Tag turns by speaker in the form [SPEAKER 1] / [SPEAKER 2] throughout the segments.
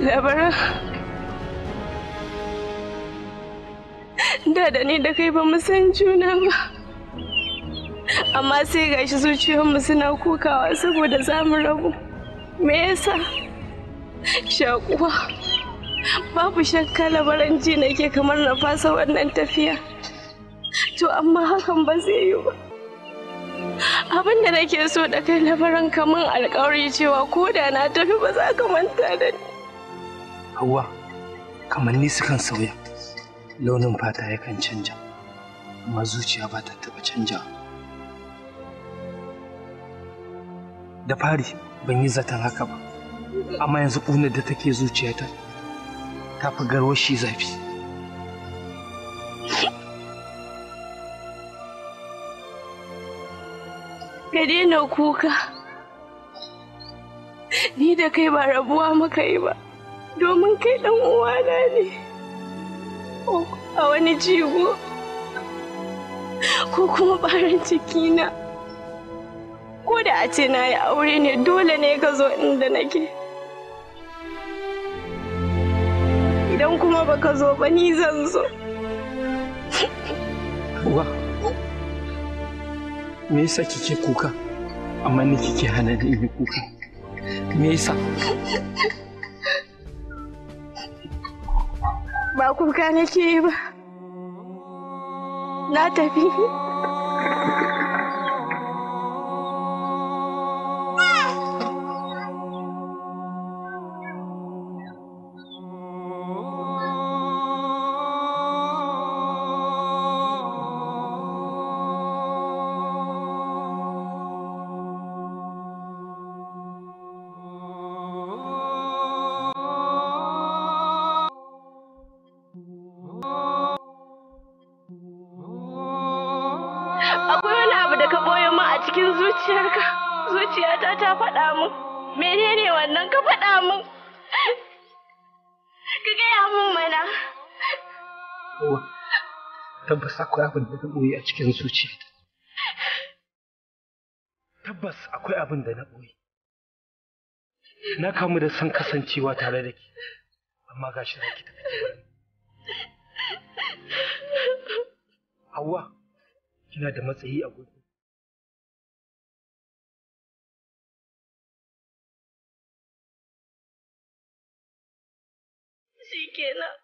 [SPEAKER 1] Labaran. Da da ni da kai ba mu san juna ba. Amma sai gashi zuciyarmu suna kukawa saboda za mu rabu. Me yasa? Shakuwa. Babu shakka labaran ji nake kamar na fasa wannan tafiya. To amma hakan ba zai yi ba. abin da nake so da kai labaran kamar kaman alkawari cewa ko da na tafi ba za ka manta da ni
[SPEAKER 2] Hauwa, kamanni sukan sauya, launin fata yakan canja, amma zuciya ba ta taɓa canja. Da fari ban yi zaton haka ba, amma yanzu ƙunar da take zuciyata ta fi garwashi zafi.
[SPEAKER 1] Ka daina kuka, ni da kai ba rabuwa muka yi ba. domin kai ɗan uwana ne a wani jigo ko kuma barin cikina ko da a ce na yi aure ne dole ne ka zo inda nake idan kuma baka zo ba ni zan zo
[SPEAKER 2] uwa me yasa kike kuka amma ni kike hana ni kuka me yasa
[SPEAKER 1] ba kuka nake ba na tafi
[SPEAKER 2] akwai abin da na ɓoye a cikin zuciyata. Tabbas akwai abin da na ɓoye.
[SPEAKER 3] Na kamu da son kasancewa
[SPEAKER 2] tare da ke, amma ga shi zaki tafi Hauwa, kina da matsayi a gudu.
[SPEAKER 3] Shi kenan.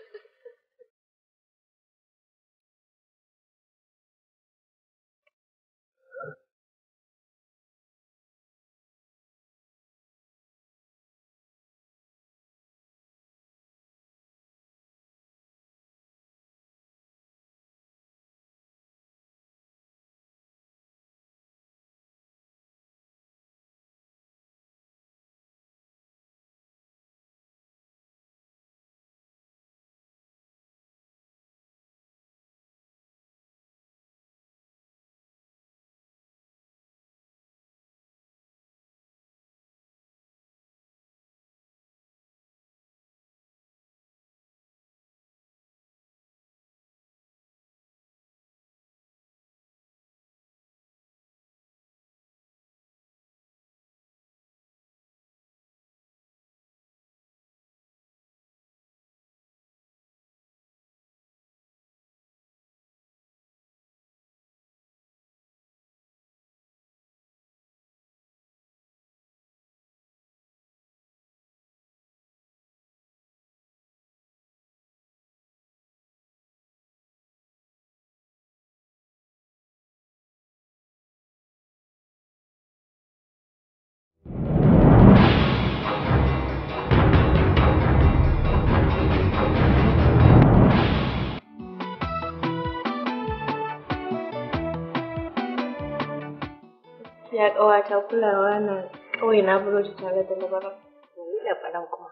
[SPEAKER 1] gaskiya ta kulawa na kawai na buro ta tare da labaran da labaran kuma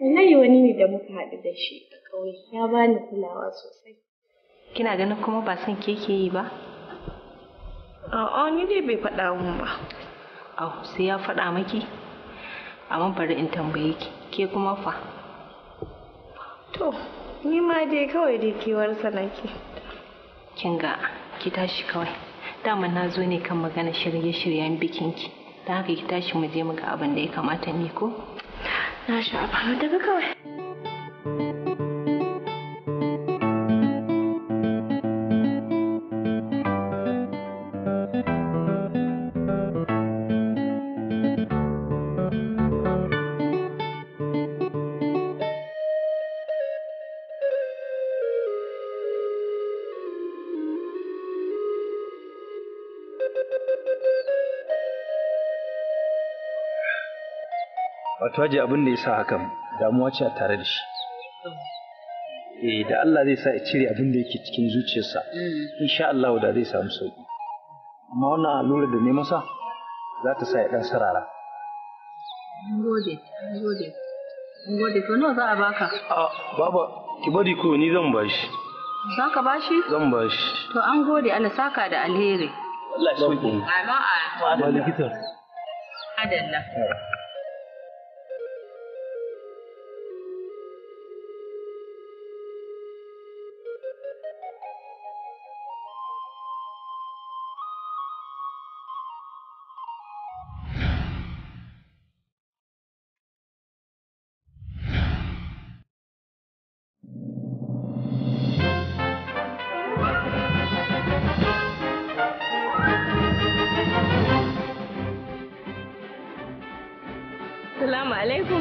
[SPEAKER 1] wallahi wani ne da muka haɗu da shi a kawai ya bani kulawa sosai kina ganin kuma ba son ke ke yi ba a'a ni dai bai faɗa mun ba au sai ya faɗa maki amma bari in tambaye ki ke kuma fa to ni ma dai kawai dai kewar sanaki.
[SPEAKER 4] kin ga ki tashi kawai dama na zo ne kan magana shirye-shiryen bikinki da haka ki tashi mu je mu ga abin da ya kamata ne ko na sha ba daga kawai
[SPEAKER 2] Tuwaje abin da ya sa hakan damuwa ce a tare da shi. Eh da Allah zai sa ya cire abin da yake cikin zuciyarsa. Mm. Insha Allah da zai samu sauki. Amma wannan allura da ne masa za ta sa ya dan sarara.
[SPEAKER 1] Gode, gode. Gode, to nawa za a baka?
[SPEAKER 2] A baba, ki bari ko ni zan bashi. Za ka bashi? Zan bashi.
[SPEAKER 1] To an gode ana saka da alheri.
[SPEAKER 2] Allah ya sauke. Amma a. Ba likita.
[SPEAKER 3] Adalla. Eh.
[SPEAKER 1] alaikum.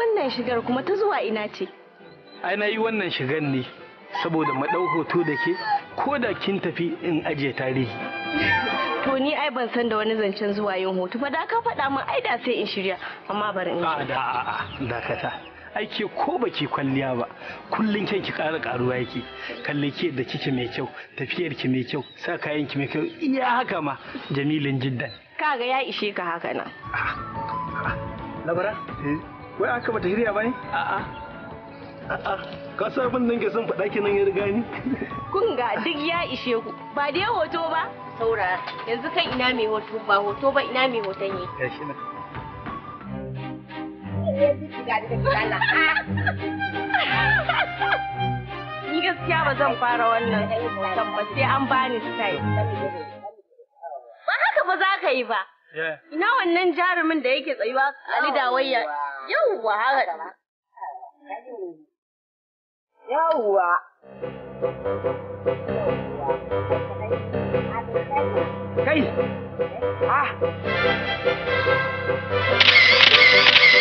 [SPEAKER 1] Wannan shigar kuma ta zuwa ina ce?
[SPEAKER 2] Ai na yi wannan shigar ne saboda maɗau hoto da ke ko da kin tafi in ajiye tarihi.
[SPEAKER 1] To ni ai ban san da wani zancen zuwa yin hoto ba da ka faɗa min ai da sai in shirya amma bari in. A da
[SPEAKER 2] a'a dakata. aike ko baki kwalliya ba kullun kyan ki ƙara ƙaruwa yake kalle ki da kike mai kyau tafiyar ki mai kyau sa kayan ki mai kyau iya haka ma jamilin jiddan
[SPEAKER 1] kaga ya ishe ka haka nan labara
[SPEAKER 2] eh, wai aka bata hirya ba ne a a'a ka sa bin nan ke son faɗa ki nan ya riga ni
[SPEAKER 1] kun ga duk ya ishe ku ba dai hoto ba saura yanzu kan ina mai hoto ba hoto ba ina mai hoton yi shi na Ni gaskiya ba zan fara wannan hoton sai an bani style. Ba haka ba za ka yi ba. Ina wannan jarumin da yake tsayuwa a lidawayya. Yawwa haka. Yawwa.
[SPEAKER 2] Kai! Ah!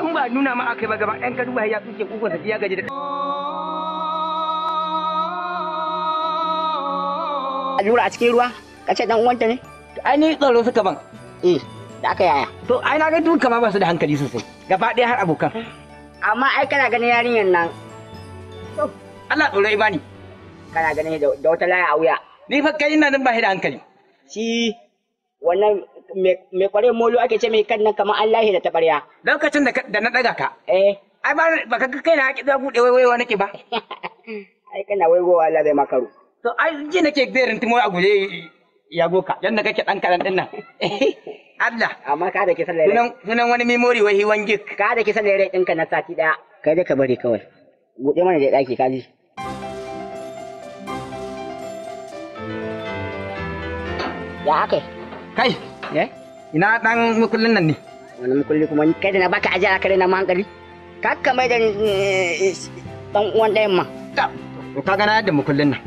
[SPEAKER 2] in ba nuna ma aka yi ba gaba ɗan ka duba ya tsuke kuka sa ya gaji da
[SPEAKER 1] allura a cikin ruwa ka ce dan uwanta ne ai ni tsaro suka ban eh da aka yaya to ai na ga duk kamar ba su da hankali sosai gaba ɗaya har abokan amma ai kana ganin yarinyan nan Allah tsoro bani. kana ganin da wata laya a wuya ni fa kai ina nan ba da hankali shi wannan mai kware molo ake ce mai kan nan kamar an lahi da tabarya. Lokacin da na ɗaga ka. Eh. Ai ba ka kai na haƙi za buɗe waiwaiwa nake ba. Ai kana waiwaiwa Allah bai makaru. To ai ji nake zai rintumo a guje ya goka da kake ɗan karan ɗin nan. Allah. Amma ka da kisan lairai. Sunan wani memori wai hiwan gik. Ka da kisan lairai ka na sati ɗaya. Kai dai ka bari kawai. Buɗe mana da ɗaki ka ji. Ya haka. Kai, eh ina dan mukullin nan ne wani mukulli kuma kai da na baka ajiya kare na hankali ka mai da dan eh, eh, uwan dayan ma
[SPEAKER 2] ka gana da mukullin nan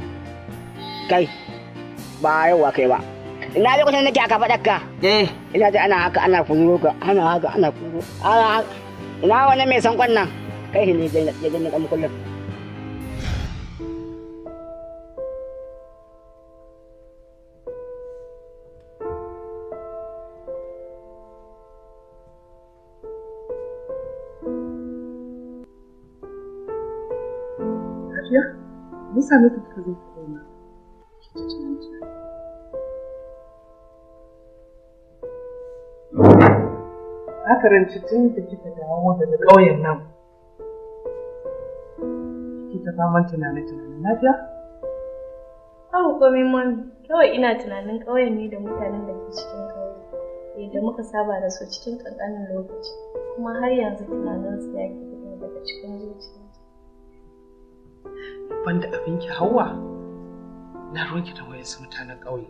[SPEAKER 1] kai ba yawa kai ba ina lokacin nake aka faɗa ka eh ina ji ana haka ana kuro ka ana haka ana kuro ana ina wani mai sankon kwannan kai ne da da mukullin
[SPEAKER 3] lafiya? Me yasa nake kika zo ki koma? Na karanci tun da kika dawo daga ƙauyen nan. ta faman tunanin tunanin lafiya?
[SPEAKER 1] Abu komai mun kawai ina tunanin ƙauyen ne da mutanen da ke cikin ƙauye. Yadda muka saba da su cikin ƙanƙanin lokaci kuma har
[SPEAKER 3] yanzu tunaninsu ya ke daga cikin zuciya.
[SPEAKER 2] da abin ki hawa na ruwanki da wayan su mutanen ƙauye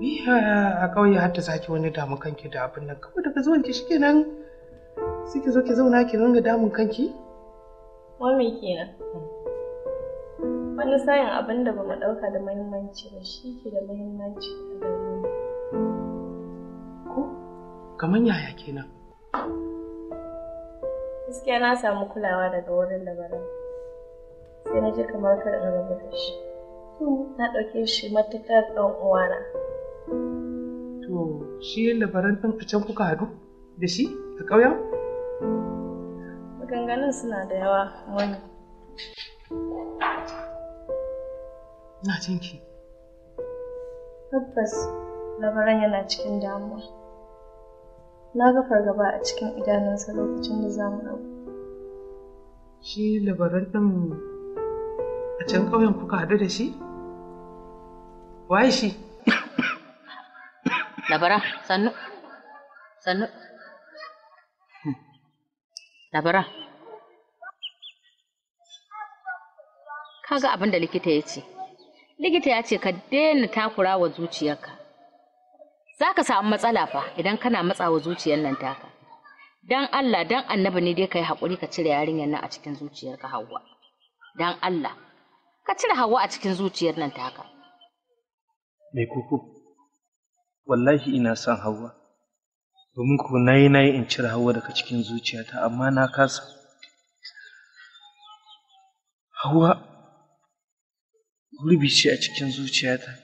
[SPEAKER 2] biya a ƙauye har ta sake wani damun kanki da abin nan kawai daga zuwan ki shikenan suke zo ki zauna ki ringa damun kanki
[SPEAKER 1] wani kenan wani sayin abin da ba mu ɗauka da muhimmanci ba shi ke da muhimmanci a gare
[SPEAKER 2] ko kamar yaya kenan
[SPEAKER 1] gaskiya na samu kulawa daga wurin da sai na ji kamar kar in raba da
[SPEAKER 3] shi
[SPEAKER 1] na ɗauke shi matuƙar ɗan uwana
[SPEAKER 2] to shi labaran ɗin a can kuka haɗu da shi a ƙauyen
[SPEAKER 3] maganganun
[SPEAKER 1] suna da yawa wani na jinki tabbas labaran yana cikin damuwa na ga fargaba a cikin idanunsa lokacin da
[SPEAKER 2] za mu ɗauka shi labaran ɗin A can ƙauyen kuka haɗu da shi? Waye shi? Labara, sannu. Sannu.
[SPEAKER 1] Labara. Hmm. Kaga abin da likita ya ce. Likita ya ce ka daina takura wa zuciyarka. Za ka samu matsala fa idan kana matsawa zuciyar nan taka. Dan Allah, dan annabi ne dai ka yi haƙuri ka cire yarinyar nan a cikin zuciyarka Hauwa. Dan Allah, ka cire hawa a cikin zuciyar nan taka
[SPEAKER 2] mai kuku wallahi ina son hawa domin ku nayi nayi in cire hawa daga cikin zuciyata amma na kasa hawa gurbi ce a cikin zuciyata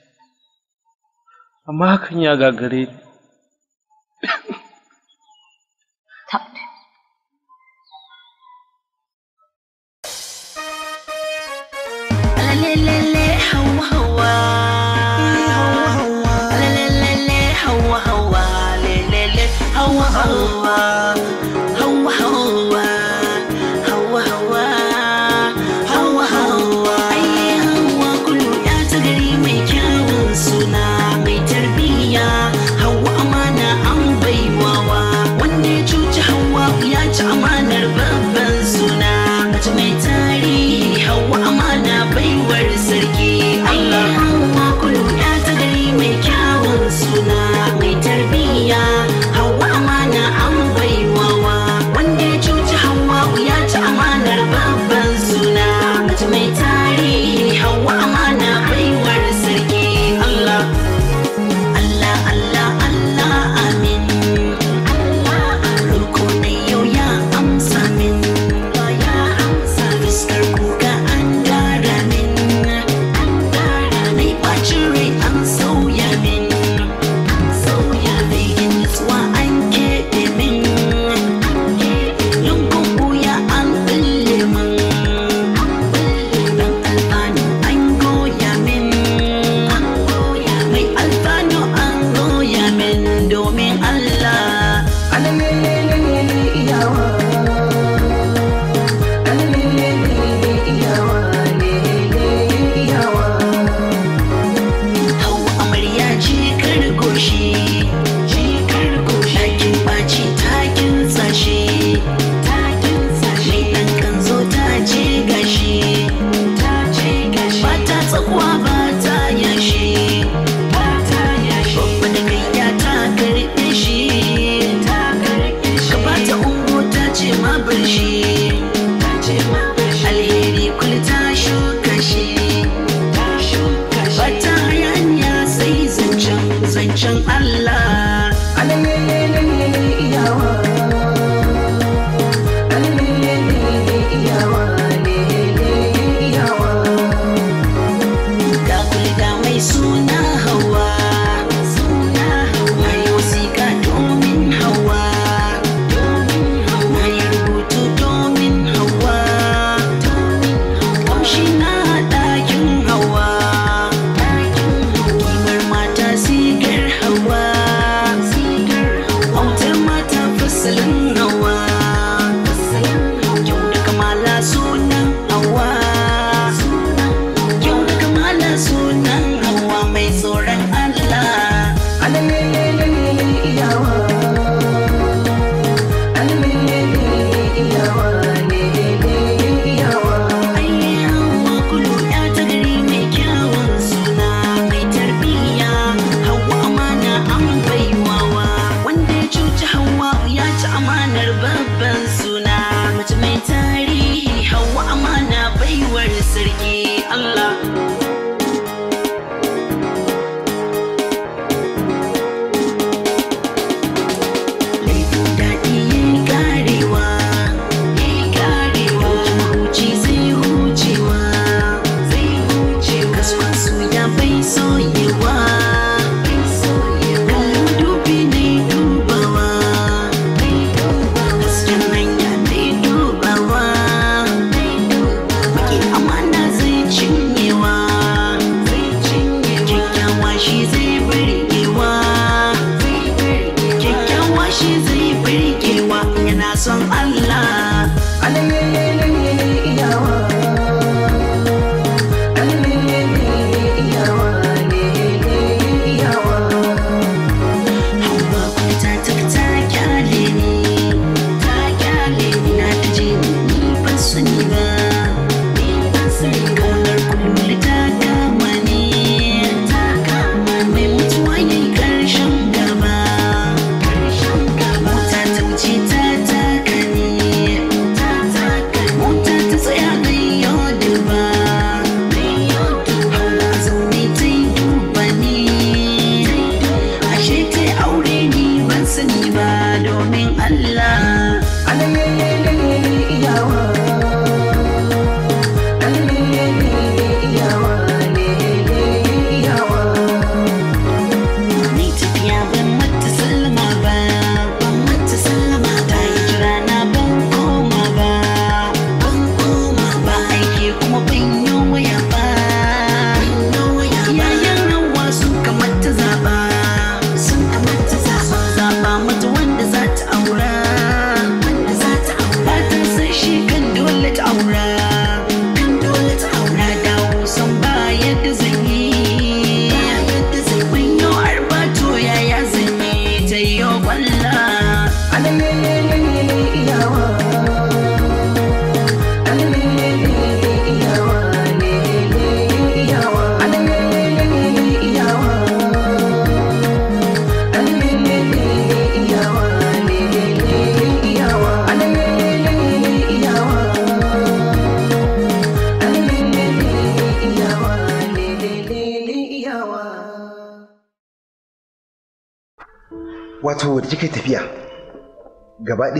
[SPEAKER 2] amma hakan ya gagare ni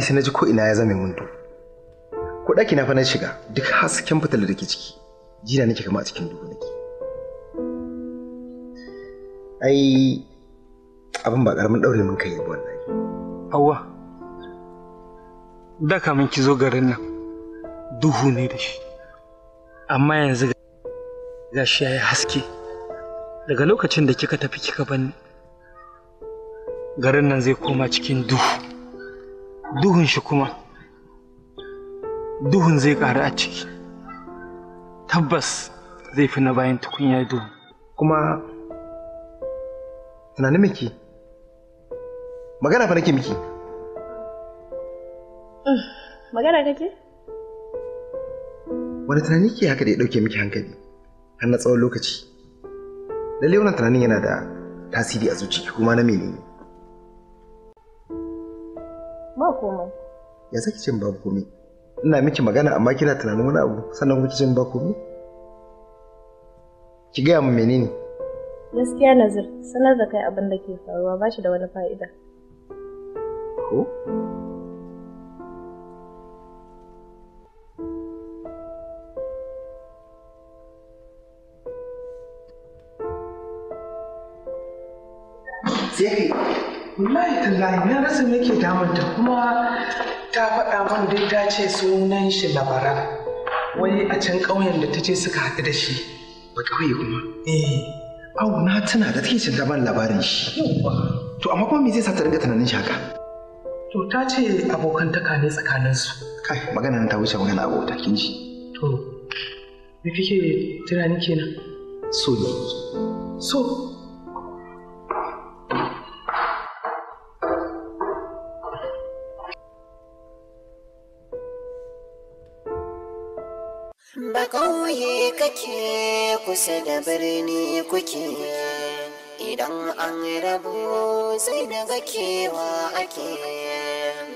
[SPEAKER 2] sai na ji ko'ina ya zame windo ko daki na fa na shiga duk hasken fitilar da ke ciki jina nake kama a cikin duhu nake ai abin ba ƙaramin daure mun kai ba wallahi hawa da kamin ki zo garin nan duhu ne da shi amma yanzu ga shi ya haske daga lokacin da kika tafi kika bani garin nan zai koma cikin duhu duhun shi kuma duhun zai ƙaru a ciki tabbas zai fi na bayan tukunya duhu kuma tunani miki magana fa nake miki mm, magana kake wani tunani ke haka da ya ɗauke miki hankali har na tsawon lokaci lallai wannan tunanin yana da tasiri a zuciya kuma na menene ba komai ya sake cin ba komai ina miki magana amma kina tunanin wani abu sannan kuke cin ba komai ki gaya min menene
[SPEAKER 1] gaskiya nazir sanar da kai abin da ke faruwa ba shi da wani fa'ida
[SPEAKER 2] ko sai wallahi tallahi na rasa me ke damunta kuma ta faɗa min dai ta ce sunan shi labara wai a can ƙauyen da ta ce suka haɗu da shi ba ƙauye kuma eh au na tuna da take cinta ban labarin shi to amma kuma me zai sa ta ringa tunanin shi haka to ta ce abokantaka ne tsakaninsu kai magana ta wuce magana abota kin ji to me kike tunani kenan so ne so
[SPEAKER 3] ƙauye
[SPEAKER 5] kake kusa da birni kuke idan an rabu sai daga kewa ake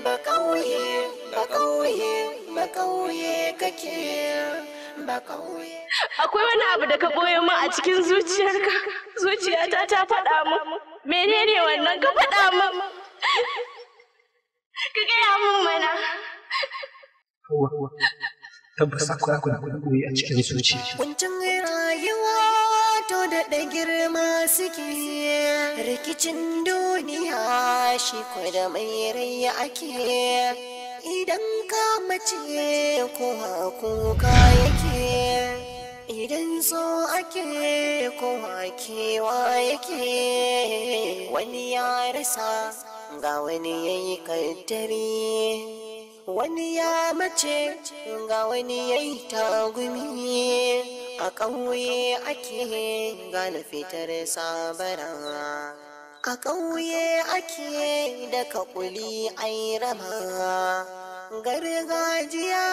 [SPEAKER 5] ba ƙauye ba ƙauye ba ƙauye kake Akwai
[SPEAKER 1] wani abu da ka boye mu a cikin zuciyarka. Zuciyata
[SPEAKER 5] ta faɗa mu
[SPEAKER 3] Menene wannan ka faɗa mu
[SPEAKER 1] Ka gaya mu mana.
[SPEAKER 2] tabbas akwai akwai akwai koyi a cikin zuci.
[SPEAKER 5] Kuncin rayuwa to daɗa girma suke rikicin duniya shi da mai rai ake idan ka mace kowa kuka yake idan so ake kowa kewa yake wani ya rasa ga wani yayi kaddare. wani ya mace ga wani ya yi tagumi a ƙauye ake gane fitar sabara a ƙauye ake da kakuli ai rama gargajiya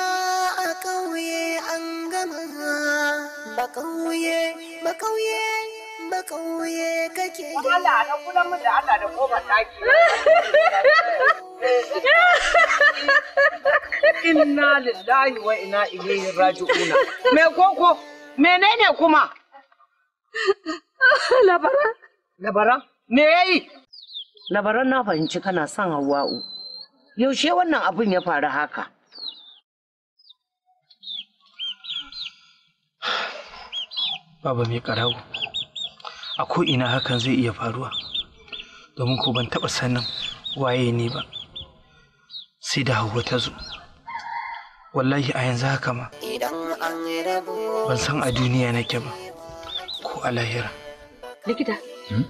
[SPEAKER 5] a ƙauye an gama ba ƙauye ba ƙauye ƙauye kake yi. Allah da kulan min da Allah da kofar ɗaki.
[SPEAKER 1] Inna lillahi wa ina ilaihi raji'una. Me koko? Menene kuma? Labara. Labara? Me yayi?
[SPEAKER 4] Labaran na fahimci kana son Hawwa'u. Yaushe wannan abin ya faru
[SPEAKER 2] haka? Baba mai karau. a ko'ina hakan zai iya faruwa domin ko ban taɓa sanin waye ne ba sai da hauwa ta zo wallahi a yanzu haka ma ban san a duniya nake ba ko a lahira
[SPEAKER 5] likita hmm?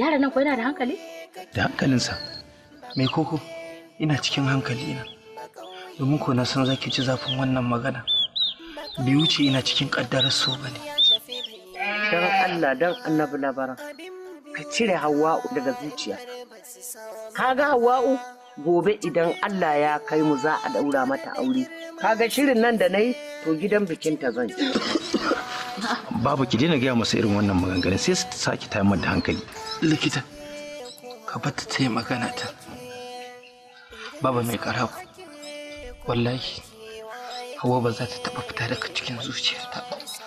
[SPEAKER 5] yaran
[SPEAKER 1] nan ko yana da hankali
[SPEAKER 2] da hankalinsa mai koko ina cikin hankali na domin ko na san zaki ci zafin wannan magana bai ce ina cikin ƙaddarar so ba ne
[SPEAKER 4] Allah don annabi na bara ka cire hawa'u daga zuciya ka ga hawa'u gobe idan Allah ya kai mu za a daura mata aure ka ga shirin nan da nayi to gidan bikin ta zan
[SPEAKER 2] babu ki daina gaya masa irin wannan maganganun sai su saki ta da hankali likita ka bata ta yi magana ta Baba mai karabu wallahi hawa ba za ta taba fita daga cikin zuciyarta ba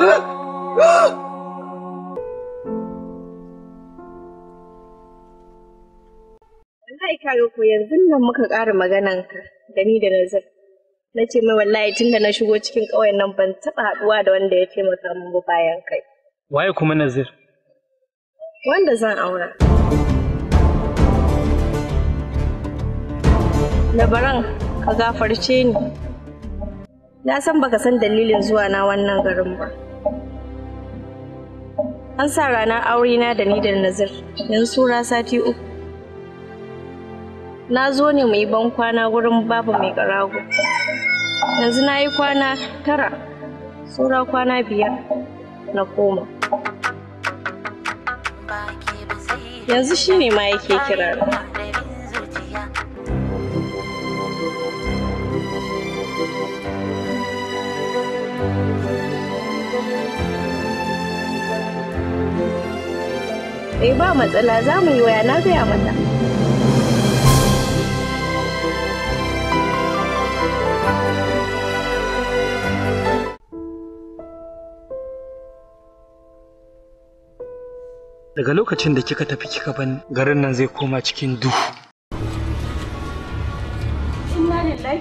[SPEAKER 3] Wallahi
[SPEAKER 1] kaga ko yanzu nan muka ƙara maganan da ni da nazar Na ce mai wallahi tunda na shigo cikin ƙauyen nan ban taɓa haɗuwa da wanda ya taimaka min ba bayan kai.
[SPEAKER 2] Waye kuma Nazir?
[SPEAKER 1] Wanda zan aura. Labaran ka gafarce ni. Na san baka san dalilin zuwa na wannan garin ba. an sa ranar aurena da ni da nazir yanzu sura sati uku na zo ne mu yi ban kwana wurin babu mai karago yanzu na yi kwana tara sura kwana biyar na koma yanzu shi ne ma yake kira thank you Eh ba matsala za mu yi waya na gaya mata.
[SPEAKER 2] Daga lokacin da kika tafi kika ban garin nan zai koma cikin duhu.
[SPEAKER 1] Inna lillahi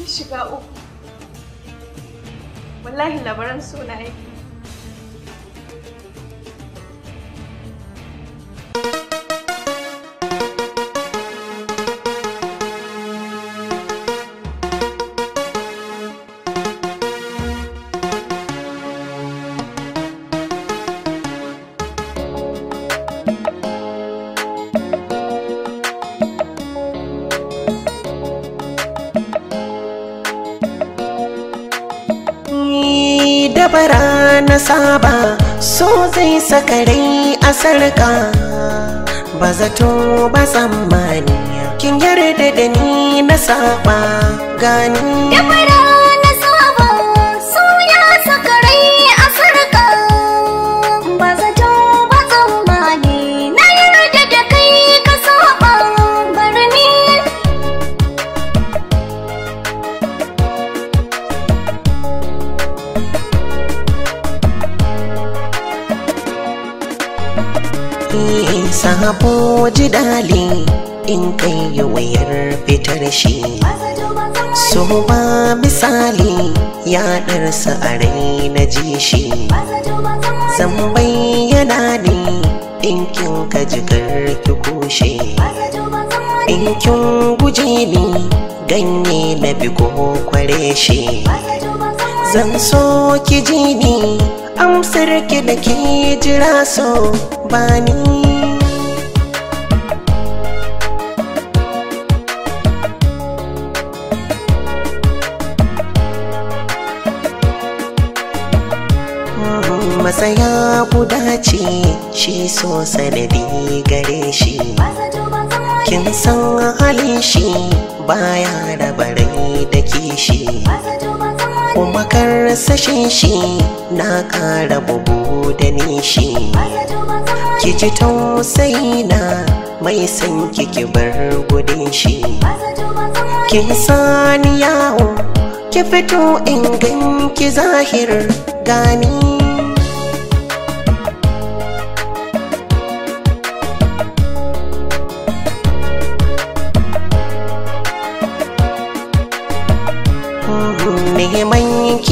[SPEAKER 1] Ni shiga uku. Wallahi labaran suna yake.
[SPEAKER 4] sakarai a sarka ba zato ba tsammani kin yarda da ni na saba gani sabo ji dali in kai wayar fitar shi so ba misali ya sa a rai na ji shi zan bayyana ne in kin ka ji ki kushe in kin guje ni ganye na bigo kware shi zan so ki ji ni amsar ki da ke jira so ba ni Saya ku dace shi so sanadi gare shi kin san halin shi baya da barai da kishi kuma kar sashin shi na kara bugu da nishi ki ji tausayi na mai san ki bar gudun shi ki sani yawo ki fito in ganki zahir gani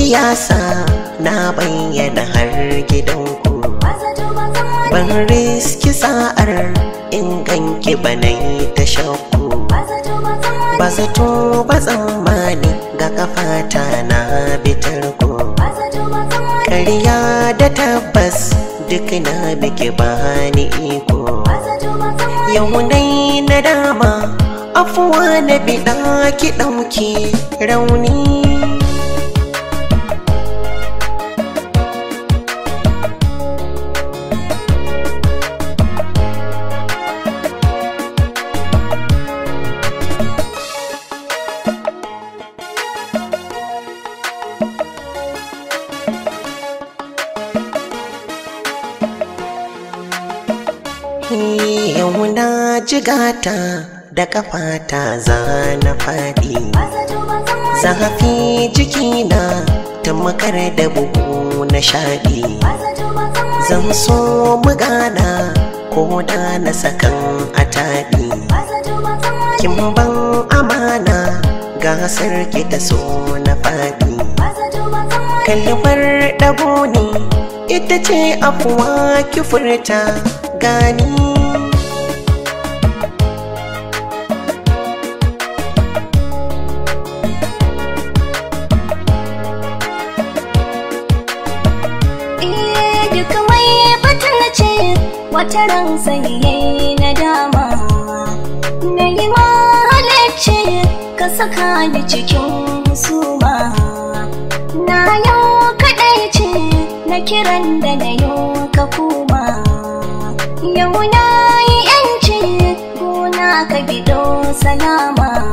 [SPEAKER 4] Siyasa yasa na bayyana har gidanku ban riski sa'ar in ganki yi ta shakku ba zato ba tsammani ga kafata na bitarku kariya da tabbas duk na biki ba ni iko yau na dama afuwa na biɗa ki ɗauki rauni jigata da kafata za na faɗi zafi jiki na ta makar da buhu na shaɗi zan so bugana ko da na sakan a taɗi kin ban amana gasar ki ta so na faɗi kalmar ɗago ne ita ce afuwa ki gani
[SPEAKER 6] wata ran na dama, nadama na yi ka saka ni cikin suma na yau kaɗai na kiran da na yau ka kuma yau na yi yanci gona ka gido salama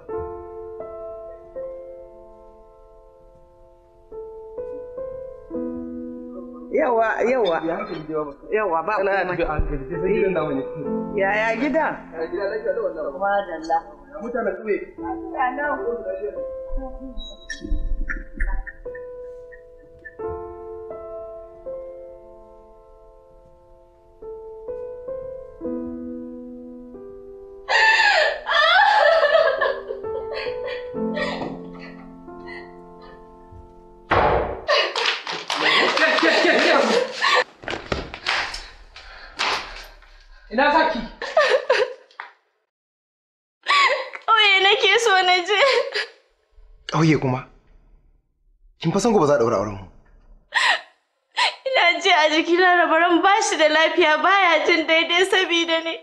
[SPEAKER 2] yawa yawa yawa ba kuma yaya gida
[SPEAKER 1] madalla mutanen ƙauye
[SPEAKER 2] ƙauye kuma kin ko ba za a ɗaura auren mu
[SPEAKER 1] ina ji a jikina rabaran ba shi da lafiya baya jin daidai sabida
[SPEAKER 3] ne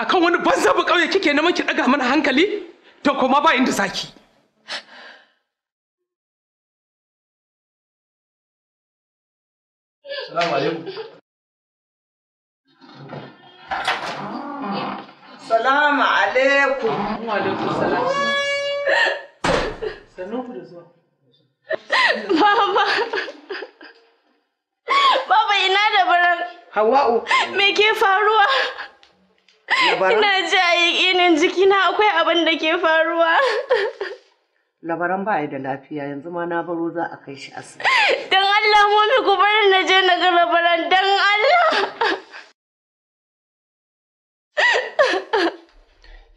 [SPEAKER 2] akan wani banza ba ƙauye kike na ki ɗaga mana hankali to kuma ba inda
[SPEAKER 3] zaki Salamu alaikum. Salamu alaikum. Wa alaikum salam. Baba.
[SPEAKER 1] Baba ina da baran. Hawa'u. Me ke faruwa? Ina ji a yakinin jikina akwai abin da ke faruwa.
[SPEAKER 4] Labaran ba da lafiya yanzu ma na baro za a kai shi asibiti.
[SPEAKER 1] Don Allah momi ku bari na je na ga labaran don Allah.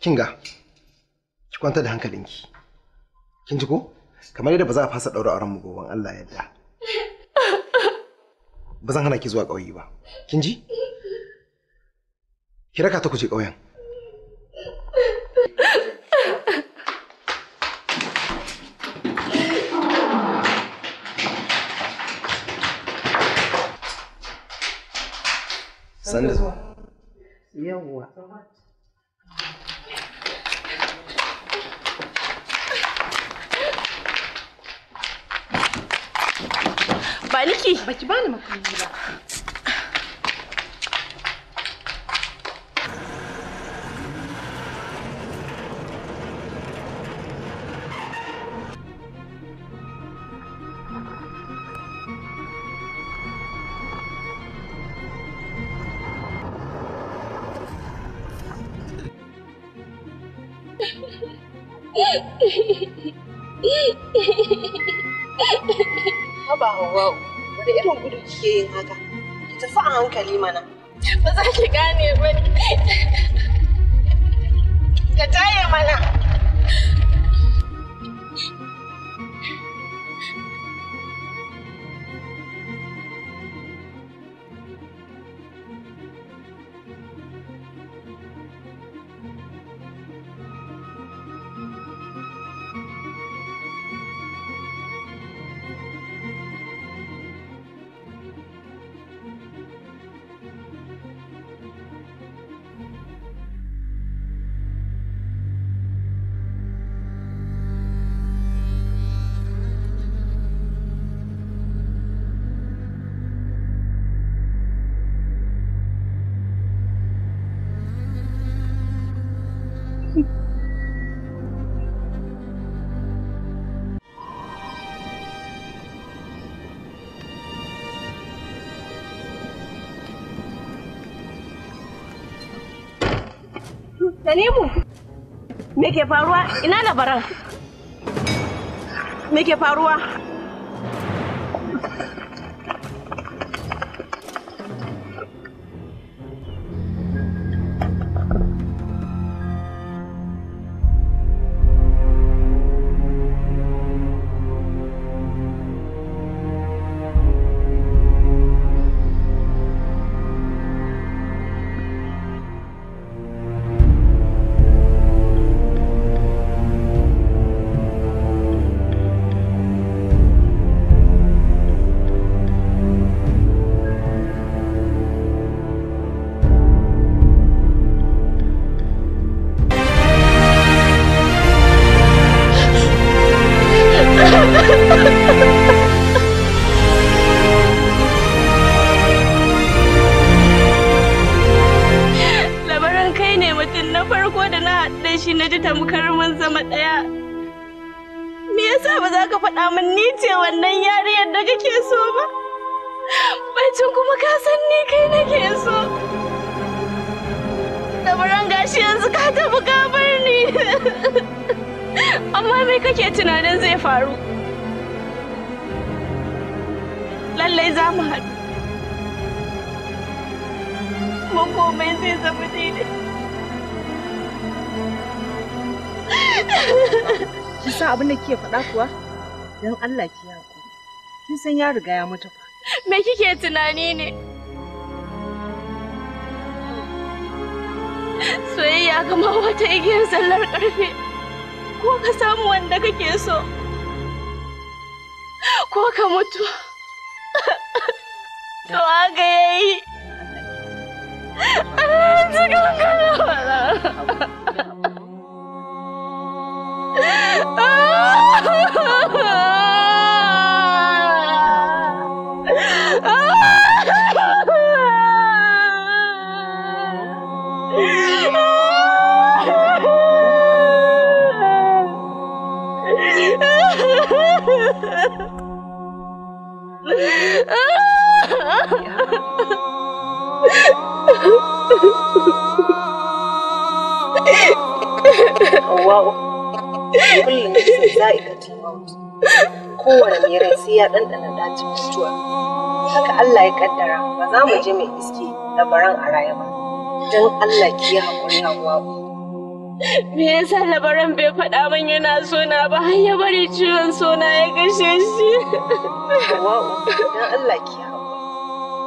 [SPEAKER 2] Kinga, ki kwanta da hankalinki. Kin ji ko? Kamar yadda ba za a fasa ɗaura auren mu gobe Allah ya yarda. Ba zan hana ki zuwa ƙauye ba. Kin ji? Ki raka ta ku je ƙauyen. Sanda Yawwa.
[SPEAKER 1] Бальки? Бачбан мı kızım? ake yin haka ki tafi a hankali mana ba za ki gane ba mu me ke faruwa? Ina labaran? Me ke faruwa?
[SPEAKER 4] Allah ki ku. Kin san ya riga ya mutu fa.
[SPEAKER 1] Me kike tunani ne? Soyayya kamar wata igiyar sallar karfe. Ko ka samu wanda kake so. Ko ka mutu.
[SPEAKER 3] To haka yayi. Allah ya ji gangara. Wow.
[SPEAKER 5] Kullum za'ikatul maut. Kowane mai rai sai ya ɗanɗana dacin mutuwa. Haka Allah ya kaddara
[SPEAKER 1] ba za mu je mai iske baran a raya ba. Don Allah ki yi haƙuri hawa. Me yasa labaran bai faɗa min yana sona ba har ya bari ciwon sona ya gashe shi. Hawa'u, don Allah ki yi haƙuri.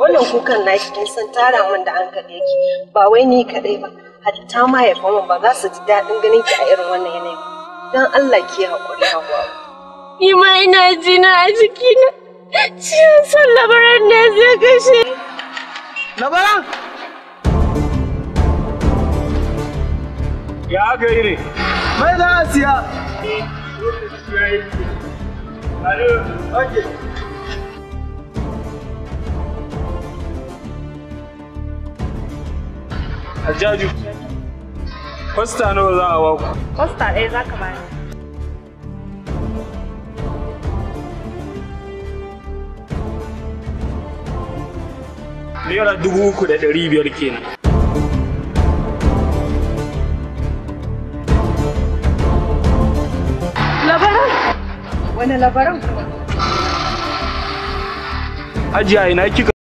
[SPEAKER 1] wannan kukan naki kin san tara mun da hankali yake ba wai ni
[SPEAKER 4] kadai ba hatta mahaifan ba za su ji daɗin ganin ki a irin wannan yanayi dan Allah
[SPEAKER 3] ki haƙuri hawa
[SPEAKER 1] ni ma ina jina a jikina ciwon son labaran ne zai kashe labaran
[SPEAKER 3] ya ga yi ne
[SPEAKER 2] mai da asiya Hello. Okay.
[SPEAKER 1] Hajjaju, kwasta nawa za a ku. Kwasta ɗaya za ka bani. Naira dubu uku da ɗari biyar kenan.
[SPEAKER 3] Labaran? Wani labaran kuma? Ajiya ina kika